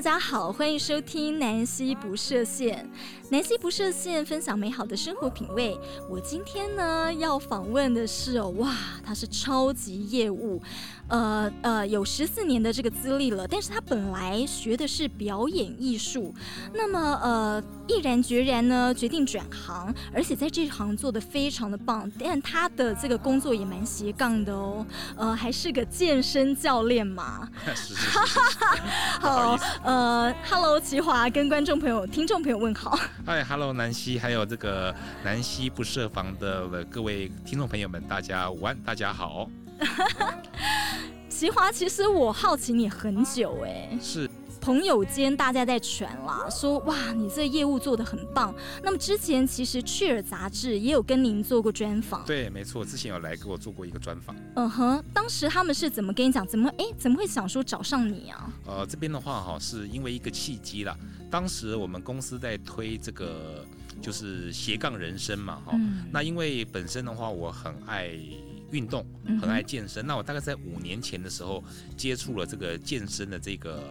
大家好，歡迎收聽南希不設限。南希不設限，分享美好的生活品味。我今天呢要訪問的是哇，他是超級業務。呃呃，有十四年的這個資歷了，但是他本來學的是表演藝術，那麼呃，毅然決然呢決定轉行，而且在這行做的非常的棒，但他的這個工作也蠻斜槓的哦，呃，還是個健身教練嘛。好呃，Hello，麒華，跟觀眾朋友、聽眾朋友問好。嗨，Hello，南希，還有這個南希不設防的各位聽眾朋友們，大家午安，大家好。麒華， 其實我好奇你很久哎、欸，是朋友間大家在傳啦，說哇，你這個業務做得很棒。那麼之前其實趣兒雜誌也有跟您做過專訪，對，沒錯，之前有來給我做過一個專訪。嗯哼、uh，huh, 當時他們是怎麼跟你講？怎麼哎怎麼會想說找上你啊？呃，這邊的話哈，是因為一個契機啦。當時我們公司在推這個就是斜槓人生嘛哈，嗯、那因為本身的話，我很愛。運動很愛健身，那我大概在五年前的時候接觸了這個健身的這個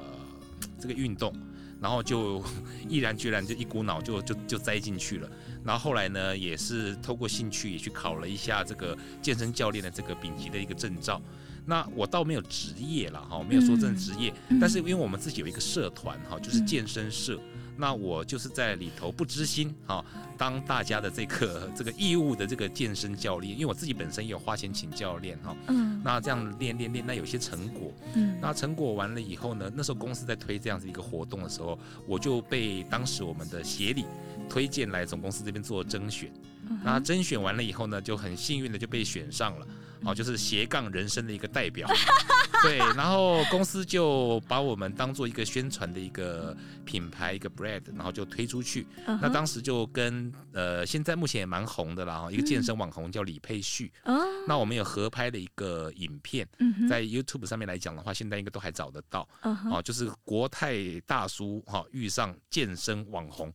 這個運動，然後就毅然決然就一股腦就就就栽進去了。然後後來呢，也是透過興趣也去考了一下這個健身教練的這個丙級的一個證照。那我倒沒有職業啦哈，我沒有說真的職業，嗯、但是因為我們自己有一個社團哈，就是健身社。嗯那我就是在裡頭不知心哈、啊，當大家的這個這個義務的這個健身教練，因為我自己本身也有花錢請教練哈、啊，嗯，那這樣練練練，那有些成果，嗯，那成果完了以後呢，那時候公司在推這樣子一個活動的時候，我就被當時我們的協理推薦來總公司這邊做甄選，嗯、那甄選完了以後呢，就很幸運的就被選上了。哦，就是斜槓人生的一個代表， 對，然後公司就把我們當做一個宣傳的一個品牌，一個 bread，然後就推出去。Uh huh. 那當時就跟呃，現在目前也蠻紅的啦，一個健身網紅叫李佩旭，uh huh. 那我們有合拍的一個影片，uh huh. 在 YouTube 上面來講的話，現在應該都還找得到。Uh huh. 哦，就是國泰大叔哈、哦、遇上健身網紅，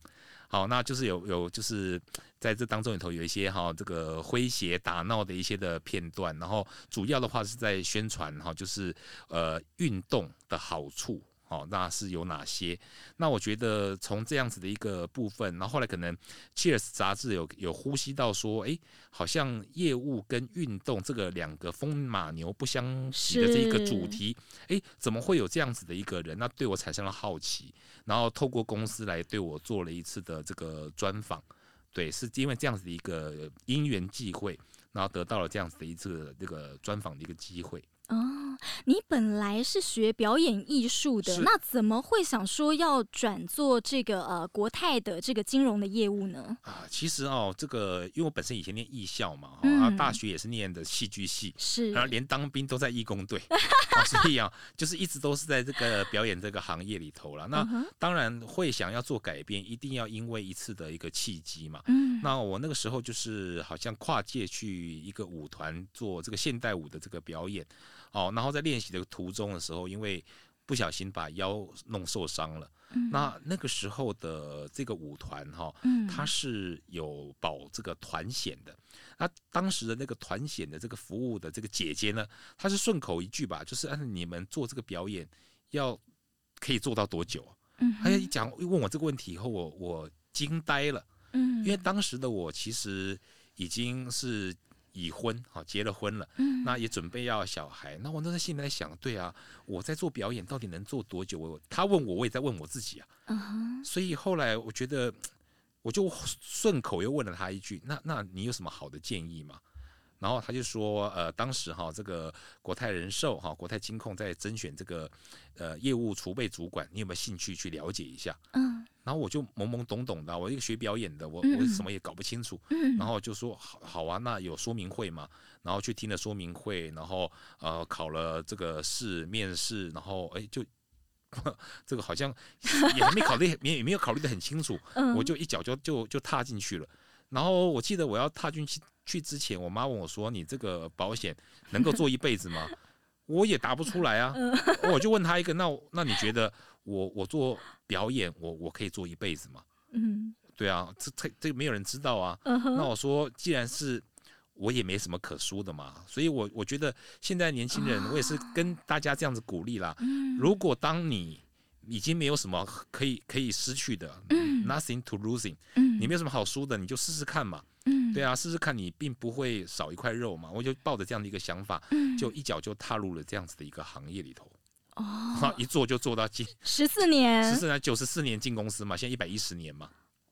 好，那就是有有就是。在這當中裡頭有一些哈、哦，這個詼諧打鬧的一些的片段，然後主要的話是在宣傳哈、哦，就是呃運動的好處好、哦，那是有哪些？那我覺得從這樣子的一個部分，然後後來可能 che《Cheers》雜誌有有呼吸到說，哎、欸，好像業務跟運動這個兩個風馬牛不相及的這個主題，誒是、欸、怎麼會有這樣子的一個人？那對我產生了好奇，然後透過公司來對我做了一次的這個專訪。對，是因為這樣子的一個因緣際會，然後得到了這樣子的一次、這個、這個專訪的一個機會。哦，你本來是學表演藝術的，是那怎麼會想說要轉做這個呃國泰的這個金融的業務呢？啊，其實哦，這個因為我本身以前念藝校嘛，嗯、啊大學也是念的戲劇系，是，然後連當兵都在藝工隊，哈、 啊，是這樣，就是一直都是在這個表演這個行業裡頭了。 那當然會想要做改變，一定要因為一次的一個契機嘛。嗯、那我那個時候就是好像跨界去一個舞團做這個現代舞的這個表演。哦，然後在練習的途中的時候，因為不小心把腰弄受傷了。嗯、哼那那個時候的這個舞團哈、哦，它、嗯、哼是有保這個團險的。那當時的那個團險的這個服務的這個姐姐呢，她是順口一句吧，就是按你們做這個表演要可以做到多久？啊？她、嗯、哼一講一問我這個問題以後，我我驚呆了。嗯、哼因為當時的我其實已經是。已婚，好結了婚了，嗯，那也準備要小孩，那我那在心裡在想，對啊，我在做表演，到底能做多久？我他問我，我也在問我自己啊，嗯哼，所以後來我覺得，我就順口又問了他一句，那那你有什麼好的建議嗎？然後他就說，呃，當時哈，這個國泰人壽哈，國泰金控在甄選這個呃業務儲備主管，你有沒有興趣去了解一下？嗯，然後我就懵懵懂懂的，我一個學表演的，我我什麼也搞不清楚。嗯，然後就說好好啊，那有說明會嘛？然後去聽了說明會，然後呃考了這個試面試，然後誒就這個好像也還沒考慮， 也沒有考慮得很清楚。嗯，我就一腳就就就踏進去了。然後我記得我要踏進去。去之前，我媽問我說：“你這個保險能夠做一輩子嗎？” 我也答不出來啊，我就問她一個：“那那你覺得我我做表演，我我可以做一輩子嗎？”嗯、對啊，這這這個沒有人知道啊。嗯、哼那我說，既然是我也沒什麼可輸的嘛，所以我我覺得現在年輕人，我也是跟大家這樣子鼓勵啦。如果當你已經沒有什麼可以可以失去的，嗯，nothing to losing，嗯，你沒有什麼好輸的，你就試試看嘛。嗯、對啊，試試看你並不會少一塊肉嘛，我就抱着這樣的一個想法，嗯、就一腳就踏入了這樣子的一個行業裡頭，哦，一做就做到近十四年，十四年九十四年進公司嘛，現在一百一十年嘛，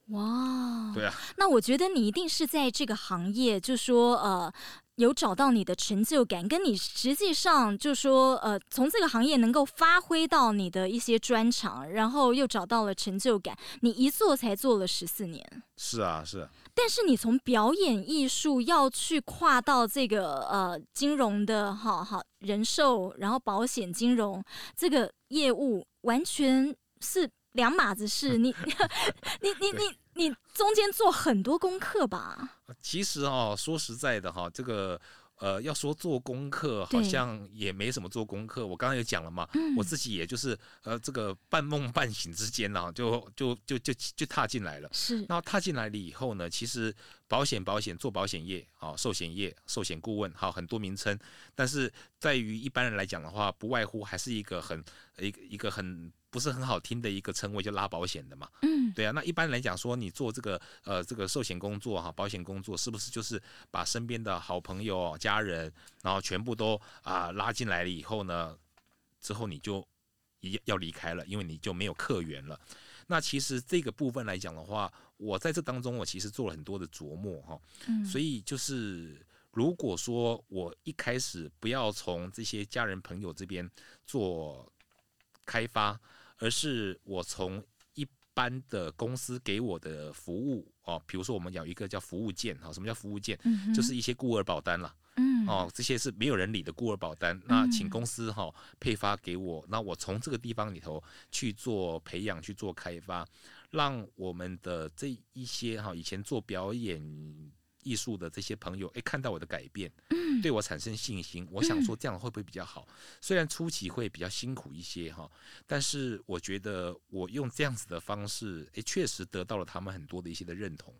哇，對啊，那我覺得你一定是在這個行業，就說呃。有找到你的成就感，跟你實際上就說，呃，從這個行業能夠發揮到你的一些專長，然後又找到了成就感，你一做才做了十四年。是啊。是啊，是。但是你從表演藝術要去跨到這個呃金融的，好好人壽，然後保險金融這個業務，完全是兩碼子事。你，你，你，你。你中間做很多功課吧？其實哦、啊，說實在的哈、啊，這個呃，要說做功課，好像也沒什麼做功課。對我剛剛也講了嘛，嗯、我自己也就是呃，這個半夢半醒之間呢、啊，就就就就就就踏進來了。是，那踏進來了以後呢，其實保險保險做保險業啊，壽險業、壽險顧問，好、哦、很多名稱，但是在於一般人來講的話，不外乎還是一個很一個一個很。不是很好聽的一個稱謂，就拉保險的嘛。嗯，對啊。那一般來講說，你做這個呃這個壽險工作哈，保險工作是不是就是把身邊的好朋友、家人，然後全部都啊、呃、拉進來了以後呢，之後你就也要離開了，因為你就沒有客源了。那其實這個部分來講的話，我在這當中我其實做了很多的琢磨哈。嗯，所以就是如果說我一開始不要從這些家人朋友這邊做開發。而是我從一般的公司給我的服務哦，比如說我們有一個叫服務件哈，什麼叫服務件？嗯、哼就是一些孤兒保單了，嗯，哦，這些是沒有人理的孤兒保單，那請公司哈、哦、配發給我，嗯、那我從這個地方裡頭去做培養去做開發，讓我們的這一些哈、哦、以前做表演，藝術的這些朋友，哎、欸，看到我的改變，嗯，對我產生信心。我想說，這樣會不會比較好？嗯、雖然初期會比較辛苦一些哈，但是我覺得我用這樣子的方式，哎、欸，確實得到了他們很多的一些的認同。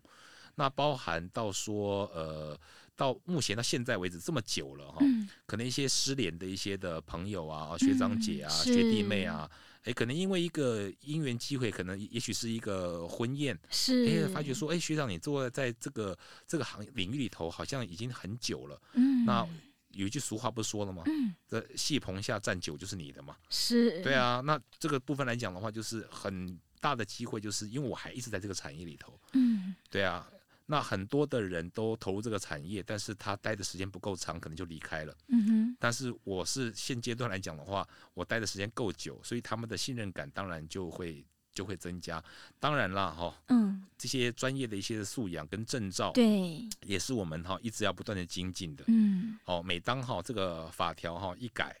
那包含到說，呃。到目前到現在為止這麼久了哈，嗯、可能一些失聯的一些的朋友啊、學長姐啊、嗯、學弟妹啊，誒是、欸，可能因為一個姻緣機會，可能也許是一個婚宴，是、欸，發覺說，誒、欸，學長，你坐在這個這個行業領域裡頭，好像已經很久了。嗯，那有一句俗話不是說了嗎？嗯、這戲棚下站久就是你的嘛。是，對啊。那這個部分來講的話，就是很大的機會，就是因為我還一直在這個產業裡頭。嗯，對啊。那很多的人都投入這個產業，但是他待的時間不夠長，可能就離開了。嗯哼。但是我是現階段來講的話，我待的時間夠久，所以他們的信任感當然就會就會增加。當然啦，哈、哦，嗯，這些專業的一些素養跟證照，對，也是我們哈一直要不斷的精進的。嗯。哦，每當哈這個法條哈一改，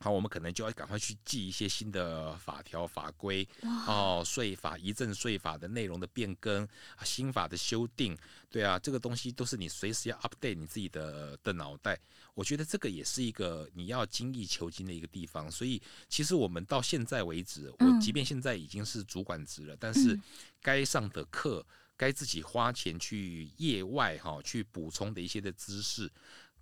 好，我們可能就要趕快去記一些新的法條、法規，哇哦，稅法遺贈稅法的內容的變更，啊、新法的修訂，對啊，這個東西都是你隨時要 update 你自己的的腦袋。我覺得這個也是一個你要精益求精的一個地方。所以，其實我們到現在為止，我即便現在已經是主管職了，嗯、但是該上的課，該自己花錢去業外哈、哦、去補充的一些的知識。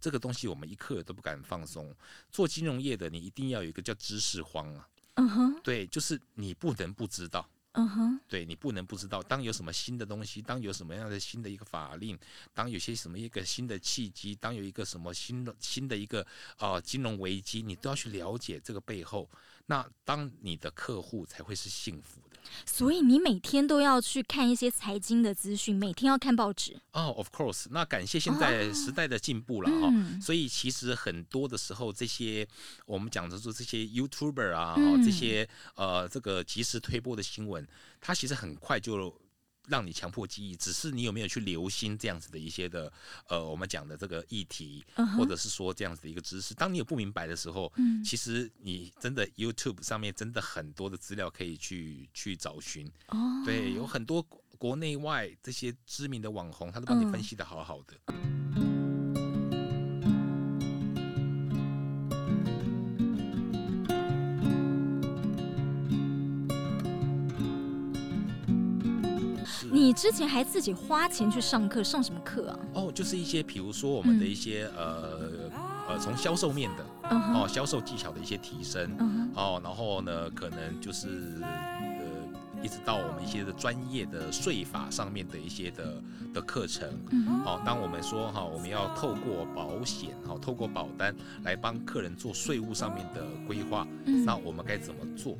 這個東西我們一刻都不敢放鬆，做金融業的，你一定要有一個叫知識荒啊。嗯哼、uh-huh. 對，就是你不能不知道。嗯哼、uh-huh. 對，你不能不知道。當有什麼新的東西，當有什麼樣的新的一個法令，當有些什麼一個新的契機，當有一個什麼新的新的一個啊、呃、金融危機，你都要去了解這個背後。那當你的客戶才會是幸福的，所以你每天都要去看一些財經的資訊，每天要看報紙哦、oh, of course，那感謝現在時代的進步了哈、哦。哦嗯、所以其實很多的時候，這些我們講的是這些 YouTuber 啊，這些、嗯、呃這個即時推播的新聞，它其實很快就。讓你強迫記憶，只是你有沒有去留心這樣子的一些的，呃，我們講的這個議題，uh huh. 或者是說這樣子的一個知識。當你有不明白的時候，嗯，其實你真的 YouTube 上面真的很多的資料可以去去找尋。哦，oh. 對，有很多國內外這些知名的網紅，他都幫你分析得好好的。Uh huh. 你之前還自己花錢去上課，上什麼課啊？哦，oh, 就是一些，比如說我們的一些呃、嗯、呃，從、呃、銷售面的、uh huh. 哦，銷售技巧的一些提升、uh huh. 哦，然後呢，可能就是。一直到我們一些的專業的稅法上面的一些的的課程，好，當我們說哈，我們要透過保險，哈，透過保單來幫客人做稅務上面的規劃，那我們該怎麼做？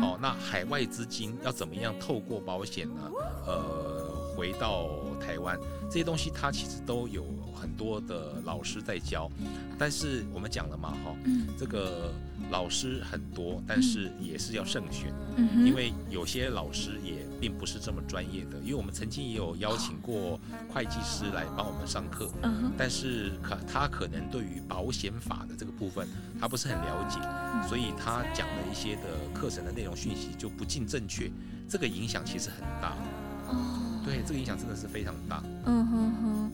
好，那海外資金要怎麼樣透過保險呢？呃，回到台灣，這些東西它其實都有。很多的老師在教，但是我們講了嘛，哈，這個老師很多，但是也是要慎選，因為有些老師也並不是這麼專業的，因為我們曾經也有邀請過會計師來幫我們上課，嗯哼，但是可他可能對於保險法的這個部分，他不是很了解，所以他講的一些的課程的內容訊息就不盡正確，這個影響其實很大，哦，對，這個影響真的是非常大，嗯哼哼。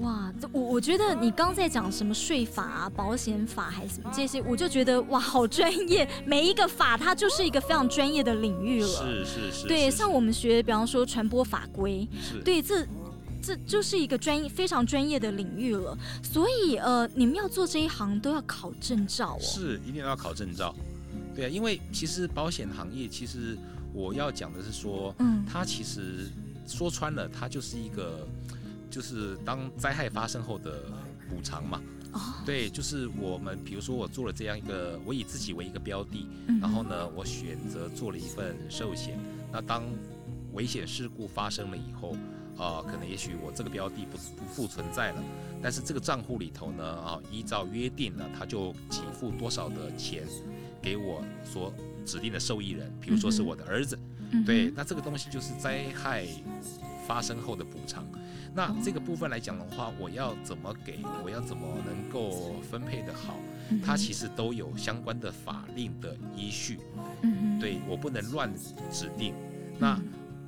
哇，我我覺得你剛在講什麼稅法啊、保險法還是什麼這些，我就覺得哇，好專業！每一個法它就是一個非常專業的領域了。是是是。是是對，像我們學，比方說傳播法規，是對，這這就是一個專業非常專業的領域了。所以呃，你們要做這一行都要考證照哦。是，一定要考證照。對啊，因為其實保險行業，其實我要講的是說，嗯，它其實說穿了，它就是一個。就是當災害發生後的補償嘛，oh. 對，就是我們比如說我做了這樣一個，我以自己為一個標的，mm hmm. 然後呢，我選擇做了一份壽險，那當危險事故發生了以後，啊、呃，可能也許我這個標的不不復存在了，但是這個賬戶裡頭呢，啊，依照約定呢，他就給付多少的錢給我所指定的受益人，譬如說是我的兒子，mm hmm. 對，mm hmm. 那這個東西就是災害發生後的補償，那這個部分來講的話，我要怎麼給？我要怎麼能夠分配得好？它其實都有相關的法令的依據。嗯哼，對，我不能亂指定。嗯、哼那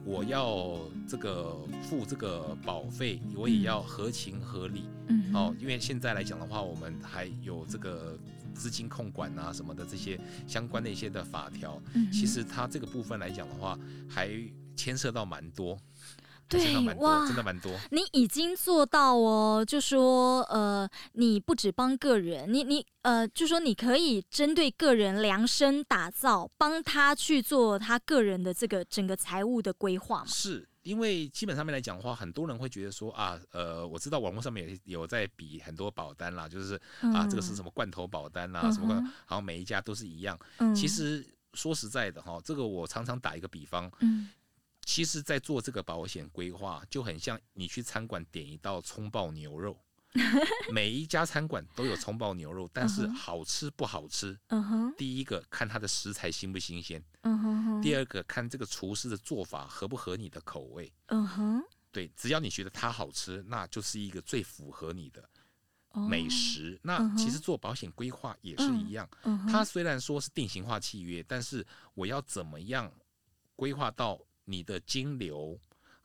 我要這個付這個保費，我也要合情合理。嗯哼，哦，因為現在來講的話，我們還有這個資金控管啊什麼的這些相關的一些的法條。嗯哼，其實它這個部分來講的話，還牽涉到蠻多。對，多哇真的蠻多。你已經做到哦，就說呃，你不只幫個人，你你呃，就說你可以針對個人量身打造，幫他去做他個人的這個整個財務的規劃嘛？是因為基本上面來講的話，很多人會覺得說啊，呃，我知道網絡上面有有在比很多保單啦，就是、嗯、啊，這個是什麼罐頭保單啦，嗯、哼什麼，然後每一家都是一樣。嗯、其實說實在的哈，這個我常常打一個比方。嗯。其實，在做這個保險規劃，就很像你去餐館點一道蔥爆牛肉， 每一家餐館都有蔥爆牛肉，但是好吃不好吃？Uh huh. 第一個看它的食材新不新鮮，uh huh. 第二個看這個廚師的做法合不合你的口味，uh huh. 對，只要你覺得它好吃，那就是一個最符合你的美食。Uh huh. 那其實做保險規劃也是一樣，uh huh. 它雖然說是定型化契約，但是我要怎麼樣規劃到？你的金流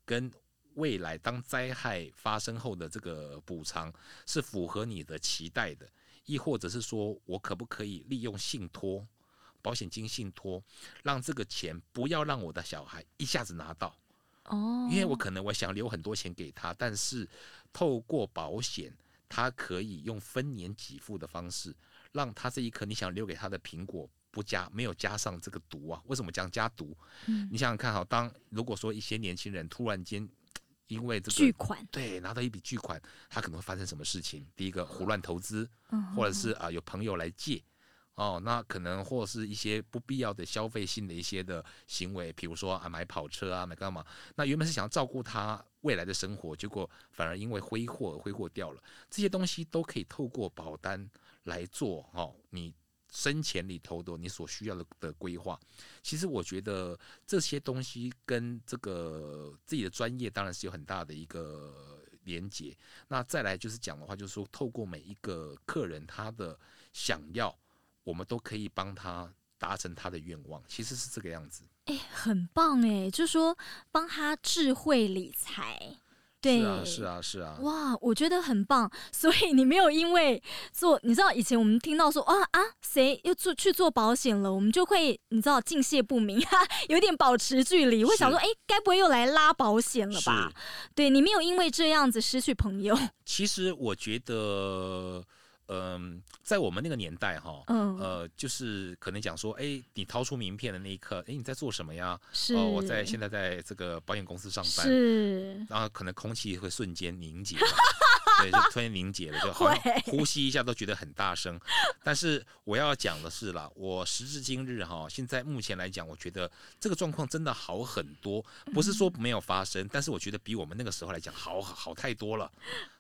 跟未來當災害發生後的這個補償是符合你的期待的，亦或者是說我可不可以利用信託保險金信託，讓這個錢不要讓我的小孩一下子拿到哦，oh. 因為我可能我想留很多錢給他，但是透過保險，他可以用分年給付的方式，讓他這一顆你想留給他的蘋果。不加沒有加上這個毒啊？為什麼講加毒？嗯，你想想看，好，當如果說一些年輕人突然間因為這個巨款，對，對拿到一筆巨款，他可能會發生什麼事情？第一個，胡亂投資，嗯，或者是啊、呃、有朋友來借，嗯、哼哼哦，那可能或者是一些不必要的消費性的一些的行為，比如說啊買跑車啊買幹嘛？那原本是想要照顧他未來的生活，結果反而因為揮霍而揮霍掉了。這些東西都可以透過保單來做，哈、哦，你。生前裡頭的你所需要的的規劃，其實我覺得這些東西跟這個自己的專業當然是有很大的一個連接。那再來就是講的話，就是說透過每一個客人他的想要，我們都可以幫他達成他的願望，其實是這個樣子。哎、欸，很棒哎，就是說幫他智慧理財。是啊是啊是啊！是啊是啊，哇，我覺得很棒，所以你沒有因為做，你知道以前我們聽到說啊啊誰又做去做保險了，我們就會你知道敬謝不敏哈哈，有點保持距離，會想說哎是，該不會又來拉保險了吧？是對，你沒有因為這樣子失去朋友。其實我覺得。嗯、呃，在我們那個年代哈、哦，嗯、哦，呃，就是可能講說，哎，你掏出名片的那一刻，哎，你在做什麼呀？是、哦，我在現在在這個保險公司上班，嗯是，然後可能空氣會瞬間凝結。 對，就突然凝結了，就好像呼吸一下都覺得很大聲。 但是我要講的是了，我時至今日哈、哦，現在目前來講，我覺得這個狀況真的好很多。不是說沒有發生，嗯、但是我覺得比我們那個時候來講好好、好、好太多了。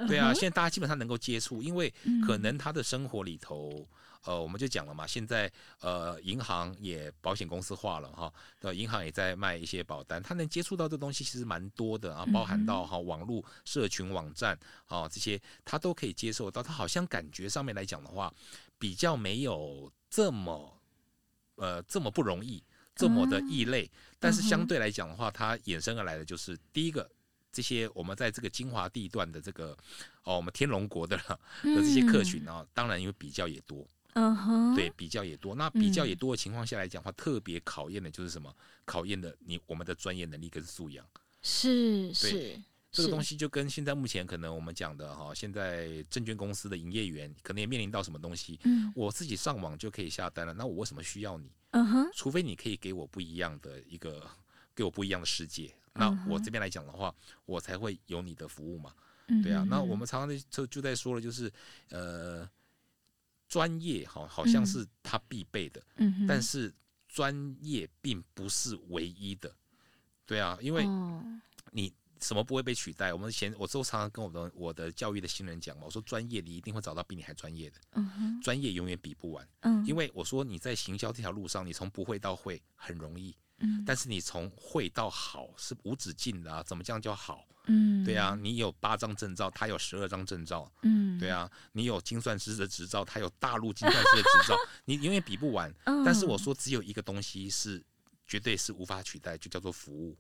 對啊，嗯、現在大家基本上能夠接觸，因為可能他的生活裡頭。呃，我們就講了嘛，現在呃，銀行也保險公司化了哈，那、哦、銀行也在賣一些保單，他能接觸到的東西其實蠻多的啊，包含到哈、啊、網絡社群網站啊這些，他都可以接受到，他好像感覺上面來講的話，比較沒有這麼呃這麼不容易，這麼的異類，嗯、但是相對來講的話，嗯、它衍生而來的就是第一個，這些我們在這個精華地段的這個哦，我們天龍國的的這些客群啊，當然因為比較也多。嗯哼，uh、huh, 對，比較也多。那比較也多的情況下來講的話，嗯、特別考驗的就是什麼？考驗的你我們的專業能力跟素養。是是，對是這個東西就跟現在目前可能我們講的哈，是現在證券公司的營業員可能也面臨到什麼東西。嗯、我自己上網就可以下單了，那我為什麼需要你？嗯哼、uh，huh, 除非你可以給我不一樣的一個給我不一樣的世界，那我這邊來講的話，uh、huh, 我才會有你的服務嘛。Uh、huh, 對啊，那我們常常就就在說了，就是呃。專業好好像是他必備的，嗯嗯、但是專業並不是唯一的，對啊，因為你什麼不會被取代？我們前我之後常常跟我的我的教育的新人講嘛，我說專業你一定會找到比你還專業的，專、嗯、哼業永遠比不完，嗯、因為我說你在行銷這條路上，你從不會到會很容易。但是你從會到好是無止境的啊，怎麼這樣叫好？嗯，對啊，你有八張證照，他有十二張證照，嗯，對啊，你有精算師的執照，他有大陸精算師的執照， 你永遠比不完。嗯、但是我說只有一個東西是絕對是無法取代，就叫做服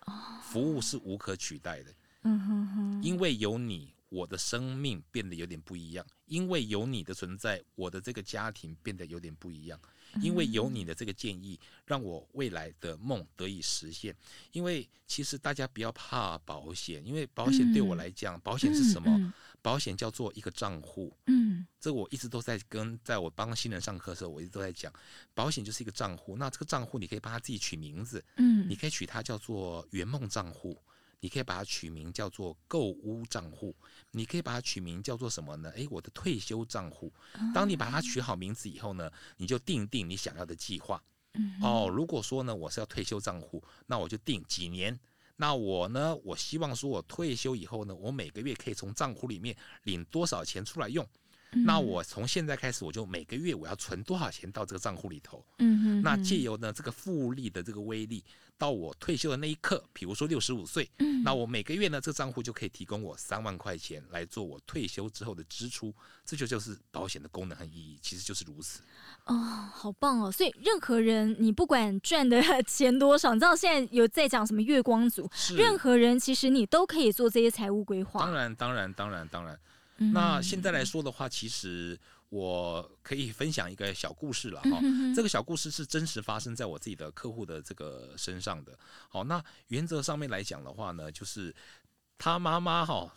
務，哦、服務是無可取代的。嗯、哼哼因為有你，我的生命變得有點不一樣；因為有你的存在，我的這個家庭變得有點不一樣。因為有你的這個建議，讓我未來的夢得以實現。因為其實大家不要怕保險，因為保險對我來講，嗯，保險是什麼？嗯，保險叫做一個賬戶。嗯，這我一直都在跟，在我幫新人上課的時候，我一直都在講，保險就是一個賬戶。那這個賬戶你可以幫它自己取名字。嗯，你可以取它叫做圓夢賬戶。你可以把它取名叫做購屋帳戶，你可以把它取名叫做什麼呢？誒，我的退休賬戶。當你把它取好名字以後呢，你就訂定你想要的計劃。哦，如果說呢，我是要退休賬戶，那我就定幾年。那我呢，我希望說我退休以後呢，我每個月可以從賬戶裡面領多少錢出來用。那我從現在開始，我就每個月我要存多少錢到這個賬戶裡頭？嗯嗯，嗯。那借由呢這個複利的這個威力，到我退休的那一刻，比如說六十五歲，嗯，嗯，那我每個月呢，這個賬戶就可以提供我三萬塊錢來做我退休之後的支出。這就就是保險的功能和意義，其實就是如此。哦，好棒哦！所以任何人，你不管賺的錢多少，你知道現在有在講什麼月光族，是任何人其實你都可以做這些財務規劃。當然，當然，當然，當然。嗯、那現在來說的話，其實我可以分享一個小故事了哈。嗯、哼哼這個小故事是真實發生在我自己的客戶的這個身上的。好，那原則上面來講的話呢，就是他媽媽哈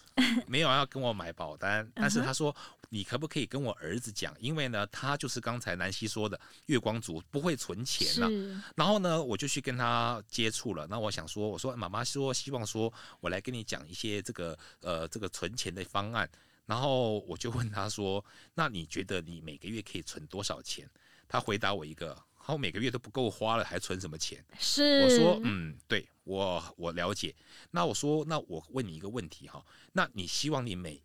沒有要跟我買保單， 嗯、哼但是他說你可不可以跟我兒子講，因為呢他就是剛才南希說的月光族，不會存錢吶、啊。是然後呢，我就去跟他接觸了。那我想說，我說媽媽說希望說我來跟你講一些這個呃這個存錢的方案。然後我就問他說：“那你覺得你每個月可以存多少錢？”他回答我一個：“好，每個月都不夠花了，還存什麼錢？”是我說：“嗯，對我我了解。”那我說：“那我問你一個問題哈、哦，那你希望你每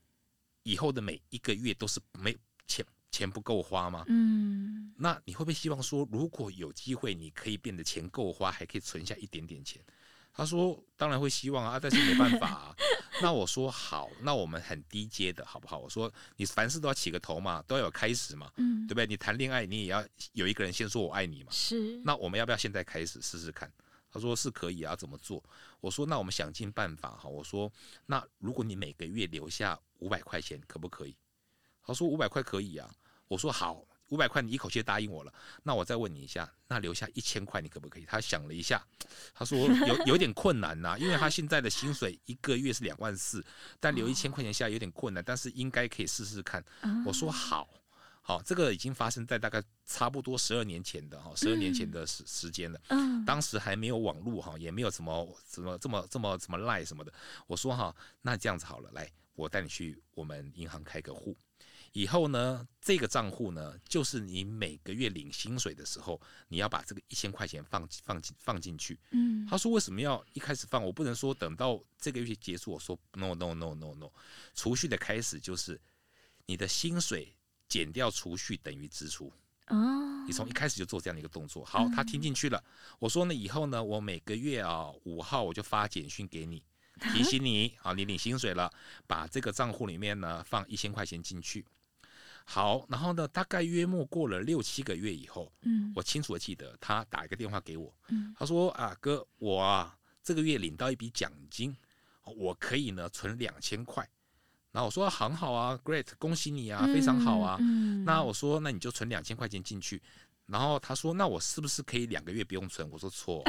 以後的每一個月都是沒錢錢不夠花嗎？”嗯，那你會不會希望說，如果有機會，你可以變得錢夠花，還可以存下一點點錢？他說：“當然會希望啊，但是沒辦法、啊。” 那我說好，那我們很低階的，好不好？我說你凡事都要起個頭嘛，都要有開始嘛，嗯，對不對？你談戀愛你也要有一個人先說我愛你嘛，是。那我們要不要現在開始試試看？他說是可以啊，怎麼做？我說那我們想盡辦法哈，啊。我說那如果你每個月留下五百塊錢，可不可以？他說五百塊可以啊。我說好。五百塊，你一口氣答應我了，那我再問你一下，那留下一千塊，你可不可以？他想了一下，他說有有點困難吶、啊， 因為他現在的薪水一個月是兩萬四，但留一千塊錢下來有點困難，但是應該可以試試看。我說好，好，這個已經發生在大概差不多十二年前的哈，十二年前的時時間了。嗯嗯、當時還沒有網絡哈，也沒有什麼什麼這麼這麼這麼賴什麼的。我說哈，那這樣子好了，來，我帶你去我們銀行開個戶。以後呢，這個賬戶呢，就是你每個月領薪水的時候，你要把這個一千塊錢放放進放進去。嗯，他說為什麼要一開始放？我不能說等到這個月結束，我說 no no no no no，no。儲蓄的開始就是你的薪水減掉儲蓄等於支出。哦，你從一開始就做這樣的一個動作。好，他聽進去了。嗯，我說呢，以後呢，我每個月啊、哦，五號我就發簡訊給你。提醒你，啊，你領薪水了，把這個賬戶裡面呢，放一千塊錢進去。好，然後呢，大概約莫過了六七個月以後，嗯，我清楚的記得他打一個電話給我，嗯，他說啊哥，我啊這個月領到一筆獎金，我可以呢存兩千塊。然後我說，啊，很好啊，Great，恭喜你啊，嗯，非常好啊。嗯，那我說那你就存兩千塊錢進去。然後他說：“那我是不是可以兩個月不用存？”我說：“錯，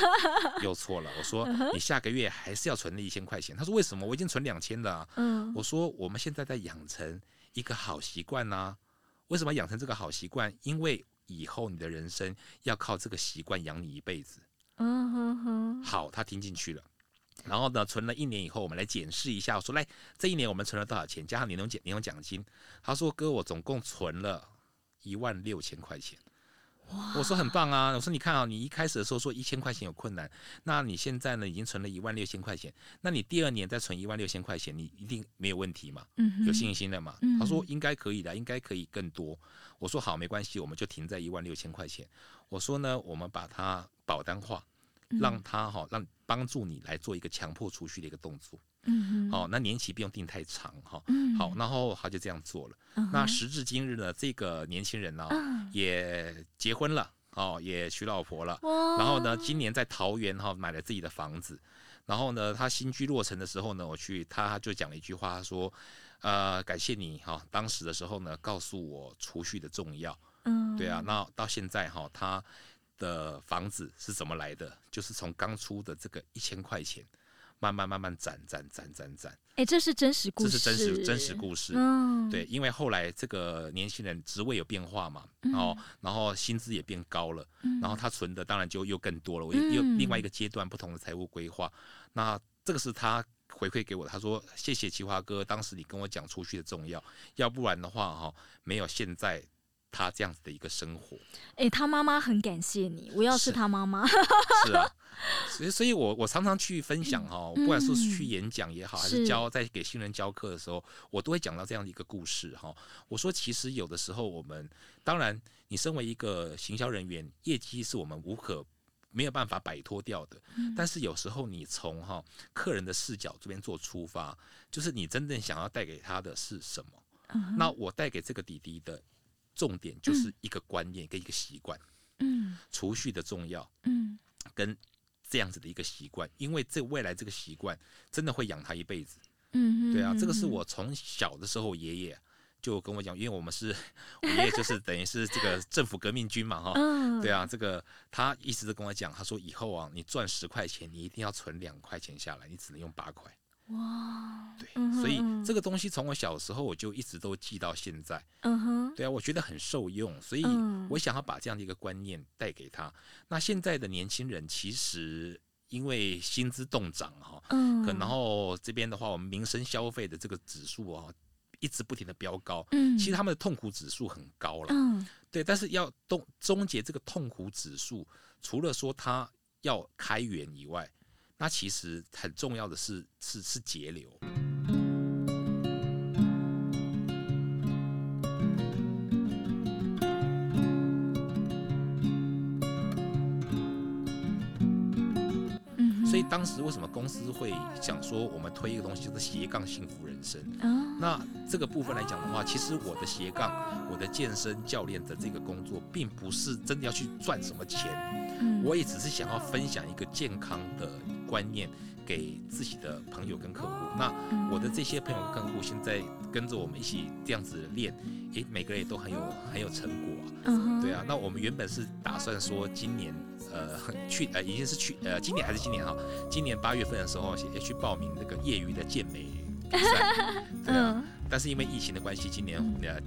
又錯了。”我說：“你下個月還是要存那一千塊錢。”他說：“為什麼？我已經存兩千了啊。嗯”我說：“我們現在在養成一個好習慣呢、啊。為什麼養成這個好習慣？因為以後你的人生要靠這個習慣養你一輩子。”嗯哼哼。好，他聽進去了。然後呢，存了一年以後，我們來檢視一下。我說：“來，這一年我們存了多少錢？加上年終獎年終獎金。”他說：“哥，我總共存了一萬六千塊錢。”我說，很棒啊！我說你看啊，你一開始的時候說一千塊錢有困難，那你現在呢，已經存了一萬六千塊錢，那你第二年再存一萬六千塊錢，你一定沒有問題嘛，有信心的嘛？嗯嗯、他說應該可以的，應該可以更多。我說好，沒關係，我們就停在一萬六千塊錢。我說呢，我們把它保單化，讓它哈、哦、讓。幫助你來做一個強迫儲蓄的一個動作，嗯哼，好、哦，那年期不用定太長哈，哦、嗯，好，然後他就這樣做了。嗯、哼那時至今日呢，這個年輕人呢、哦，嗯、也結婚了，哦，也娶老婆了，哇然後呢，今年在桃園哈、哦、買了自己的房子，然後呢，他新居落成的時候呢，我去，他就講了一句話，他說，呃，感謝你哈、哦，當時的時候呢，告訴我儲蓄的重要，嗯，對啊，那到現在哈、哦，他。的房子是怎麼來的？就是從剛出的這個一千塊錢，慢慢慢慢攢攢攢攢攢。哎、欸，這是真實故事，這是真實真實故事。哦、對，因為後來這個年輕人職位有變化嘛，哦，然後薪資也變高了，嗯、然後他存的當然就又更多了。嗯、我有又另外一個階段不同的財務規劃，嗯、那這個是他回饋給我的。他說：“謝謝麒華哥，當時你跟我講儲蓄的重要，要不然的話哈、哦，沒有現在。”他這樣子的一個生活，哎、欸，他媽媽很感謝你。我要是他媽媽，是啊，所以所以我我常常去分享哈、哦，不管說是去演講也好，嗯、還是教在給新人教課的時候，我都會講到這樣的一個故事哈、哦。我說，其實有的時候我們，當然，你身為一個行銷人員，業績是我們無可沒有辦法擺脫掉的。嗯、但是有時候你從哈、哦、客人的視角這邊做出發，就是你真正想要帶給他的是什麼？嗯、那我帶給這個弟弟的。重點就是一個觀念跟一個習慣，嗯，儲蓄的重要，嗯，跟這樣子的一個習慣，因為這未來這個習慣真的會養他一輩子，嗯哼嗯哼，對啊，這個是我從小的時候爺爺就跟我講，因為我們是爺爺就是等於是這個政府革命軍嘛哈， 對啊，這個他一直跟我講，他說以後啊，你賺十塊錢，你一定要存兩塊錢下來，你只能用八塊。哇，對，嗯、哼所以這個東西從我小時候我就一直都記到現在，嗯、哼對啊，我覺得很受用，所以我想要把這樣的一個觀念帶給他。嗯、那現在的年輕人其實因為薪資凍漲哈、哦，嗯、可能然後這邊的話，我們民生消費的這個指數啊、哦，一直不停的飆高，嗯、其實他們的痛苦指數很高了，嗯、對，但是要動終結這個痛苦指數，除了說他要開源以外。那其實很重要的是，是是節流。嗯、哼所以當時為什麼公司會想說我們推一個東西，就是斜槓幸福人生。哦、那這個部分來講的話，其實我的斜槓，我的健身教練的這個工作，並不是真的要去賺什麼錢。嗯、我也只是想要分享一個健康的。觀念給自己的朋友跟客戶，那我的這些朋友跟客戶現在跟着我們一起這樣子練，誒，每個人也都很有很有成果，Uh-huh. 對啊，那我們原本是打算說今年，呃，去呃，已經是去呃，今年還是今年哈、哦，今年八月份的時候去報名那個業餘的健美。對啊， 嗯、但是因為疫情的關係，今年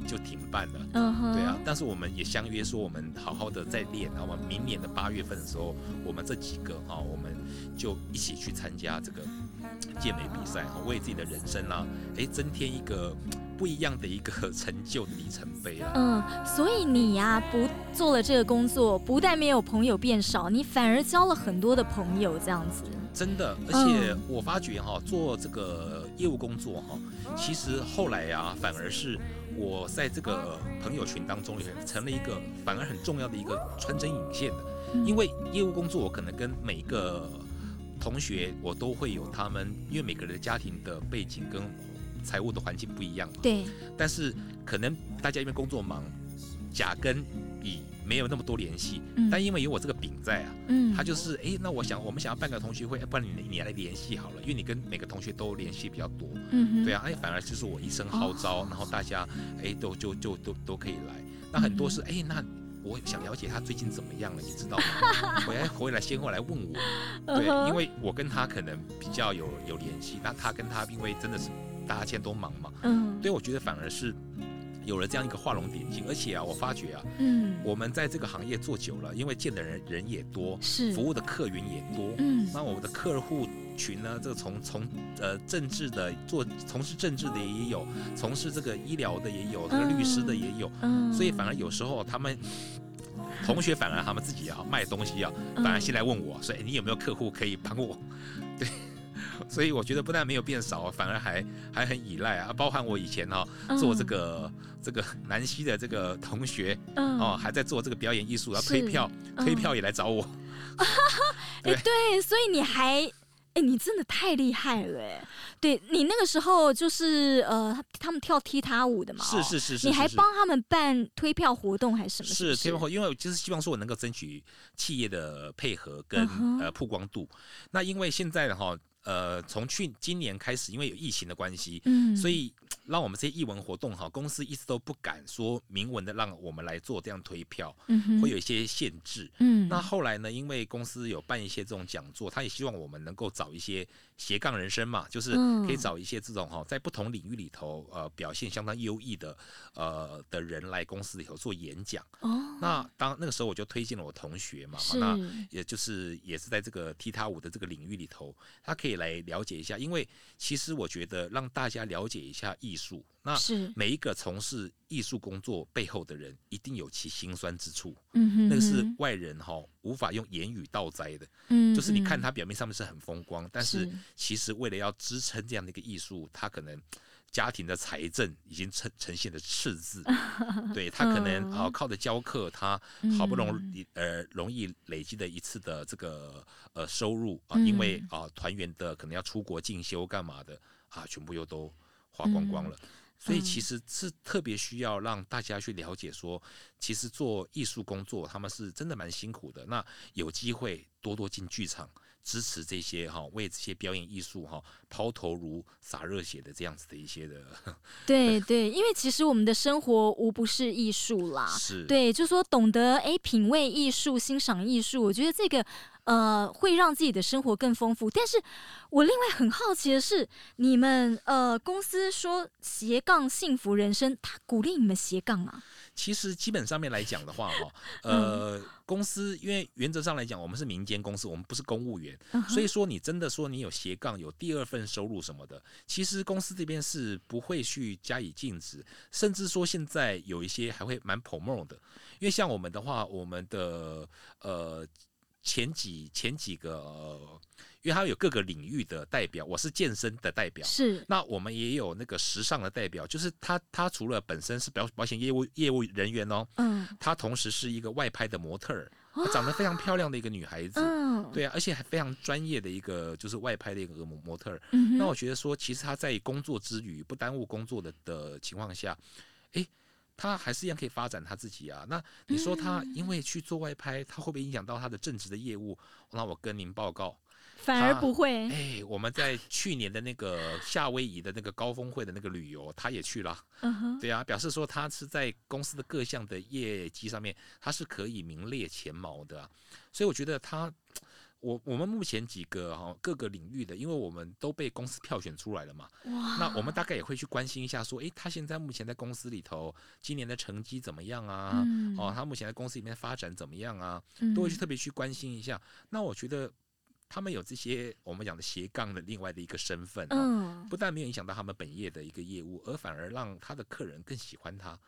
就停辦了。啊、嗯哼，對啊，但是我們也相約說，我們好好的在練，然後我們明年的八月份的時候，我們這幾個哈，我們就一起去參加這個。健美比賽，為自己的人生啦、啊，誒，增添一個不一樣的一個成就的里程碑了、啊。嗯，所以你呀、啊，不做了這個工作，不但沒有朋友變少，你反而交了很多的朋友，這樣子。真的，而且我發覺哈、啊，嗯、做這個業務工作哈、啊，其實後來呀、啊，反而是我在這個朋友圈當中也成了一個反而很重要的一個穿針引線的，嗯、因為業務工作我可能跟每一個。同學，我都會有他們，因為每個人的家庭的背景跟財務的環境不一樣嘛。對。但是可能大家因為工作忙，甲跟乙沒有那麼多聯繫，嗯、但因為有我這個丙在啊，嗯，他就是哎、欸，那我想我們想要辦個同學會，哎、欸，不然你你來聯繫好了，因為你跟每個同學都聯繫比較多，嗯哼，對啊，哎、欸，反而就是我一聲號召，哦、然後大家誒、欸，都就就都都可以來。那很多是哎、嗯哼欸、那。我想了解他最近怎麼樣了，你知道嗎？回來回來先回來問我，對，因為我跟他可能比較有有聯繫，那他跟他，因為真的是大家現在都忙嘛，嗯，所以我覺得反而是。有了這樣一個畫龍點睛，而且啊，我發覺啊，嗯，我們在這個行業做久了，因為見的人人也多，是服務的客源也多，嗯，那我們的客戶群呢，這個從從呃政治的做從事政治的也有，從事這個醫療的也有，這個律師的也有，嗯，所以反而有時候他們同學反而他們自己啊賣東西啊，反而先來問我說，哎，你有沒有客戶可以幫我？對。所以我覺得不但沒有變少，反而還還很依賴啊，啊！包含我以前哈、啊、做這個、嗯、這個南希的這個同學，哦、嗯啊、還在做這個表演藝術，是然後推票、嗯、推票也來找我。哎對，所以你還哎、欸、你真的太厲害了、欸、對你那個時候就是呃他們跳踢踏舞的嘛，是是是是，是，你還幫他們辦推票活動還是什麼是是？是推票活動，因為我就是希望說我能夠爭取企業的配合跟、啊、哈呃曝光度。那因為現在的、啊、話。呃，從去今年開始，因為有疫情的關係，嗯，所以。讓我們這些藝文活動哈，公司一直都不敢說明文的，讓我們來做這樣推票，嗯哼，會有一些限制，嗯哼。那後來呢，因為公司有辦一些這種講座，他也希望我們能夠找一些斜槓人生嘛，就是可以找一些這種哈，哦、在不同領域裡頭呃表現相當優異的呃的人來公司裡頭做演講。哦。那當那個時候我就推薦了我同學嘛，是那也就是也是在這個踢踏舞的這個領域裡頭，他可以來了解一下，因為其實我覺得讓大家了解一下藝。術，那是每一個從事藝術工作背後的人，一定有其辛酸之處。嗯哼哼，那個是外人哈無法用言語道哉的。嗯哼，就是你看他表面上面是很風光，嗯、哼但是其實為了要支撐這樣的一個藝術，他可能家庭的財政已經呈呈現的赤字。 對他可能啊，靠着教課，他好不容易呃容易累積的一次的這個呃收入啊，嗯、哼因為啊團員的可能要出國進修幹嘛的啊，全部又都。花光光了，嗯，所以其實是特別需要讓大家去了解說，其實做藝術工作，他們是真的蠻辛苦的。那有機會多多進劇場，支持這些哈，為這些表演藝術哈拋頭顱、灑熱血的這樣子的一些的。對對，對 因為其實我們的生活無不是藝術啦。是。對，就是說懂得哎，品味藝術、欣賞藝術，我覺得這個呃會讓自己的生活更豐富。但是，我另外很好奇的是，你們呃公司說斜槓幸福人生，他鼓勵你們斜槓啊？其實基本上面來講的話，哈，呃， 嗯、公司因為原則上來講，我們是民間公司，我們不是公務員，嗯、哼所以說你真的說你有斜槓、有第二份收入什麼的，其實公司這邊是不會去加以禁止，甚至說現在有一些還會蠻 promote 的，因為像我們的話，我們的呃前幾前幾個。呃因為他有各個領域的代表，我是健身的代表，是。那我們也有那個時尚的代表，就是他，他除了本身是保保險業務業務人員哦，嗯，他同時是一個外拍的模特兒，長得非常漂亮的一個女孩子，嗯、哦，對啊，而且還非常專業的一個就是外拍的一個模模特兒。嗯、哼那我覺得說，其實他在工作之餘不耽誤工作的的情況下，誒，他還是一樣可以發展他自己啊。那你說他因為去做外拍，他會不會影響到他的正職的業務？那我跟您報告。反而不會哎、欸，我們在去年的那個夏威夷的那個高峰會的那個旅遊，他也去了。嗯、哼對啊，表示說他是在公司的各項的業績上面，他是可以名列前茅的。所以我覺得他，我我們目前幾個哈、哦、各個領域的，因為我們都被公司票選出來了嘛。哇那我們大概也會去關心一下說，說、欸、誒，他現在目前在公司裡頭今年的成績怎麼樣啊？嗯、哦，他目前在公司裡面發展怎麼樣啊？都會去特別去關心一下。嗯、那我覺得。他們有這些我們講的斜槓的另外的一個身份、啊，嗯、不但沒有影響到他們本業的一個業務，而反而讓他的客人更喜歡他，